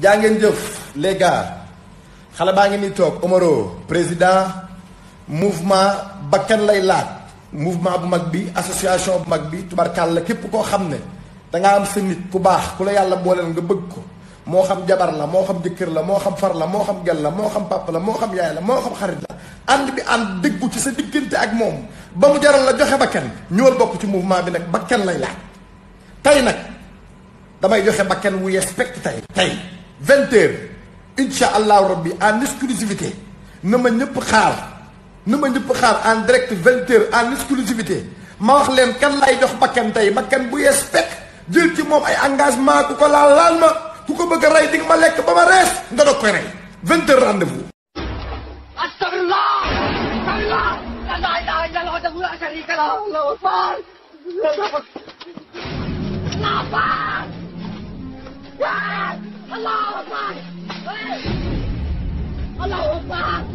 jaa ngeen jëf les xale baa ngi ni toog Omaro président mouvement bakkan lay laaj mouvement bu mag bi association bu mag bi la képp koo xam ne danga am sa nit ku baax ku la yàlla booleel nga bëgg ko moo xam jabar la moo xam jëkkër la moo xam far la moo xam gel la moo xam papa la moo xam yaay la moo xam xarit la ànd bi ànd dëggu ci sa diggante ak moom ba mu jaral la joxe bakkan ñëwal bokk ci mouvement bi nag bakkan lay laaj tey nag damay joxe bakkan wu yespect tey tey vingt heures incha allahu rabbi en exclusivité na ma ñëpp xaar na ma ñëpp xaar en direct vingt heures en exclusivité ma wax leen kenn lay jox bakkan tey bakkan bu yees fekk jël ci moom ay engagement ku ko laal laal ma ku ko bëgg a rey di ma lekk ba ma rees nga doog koy rey vingt heures w o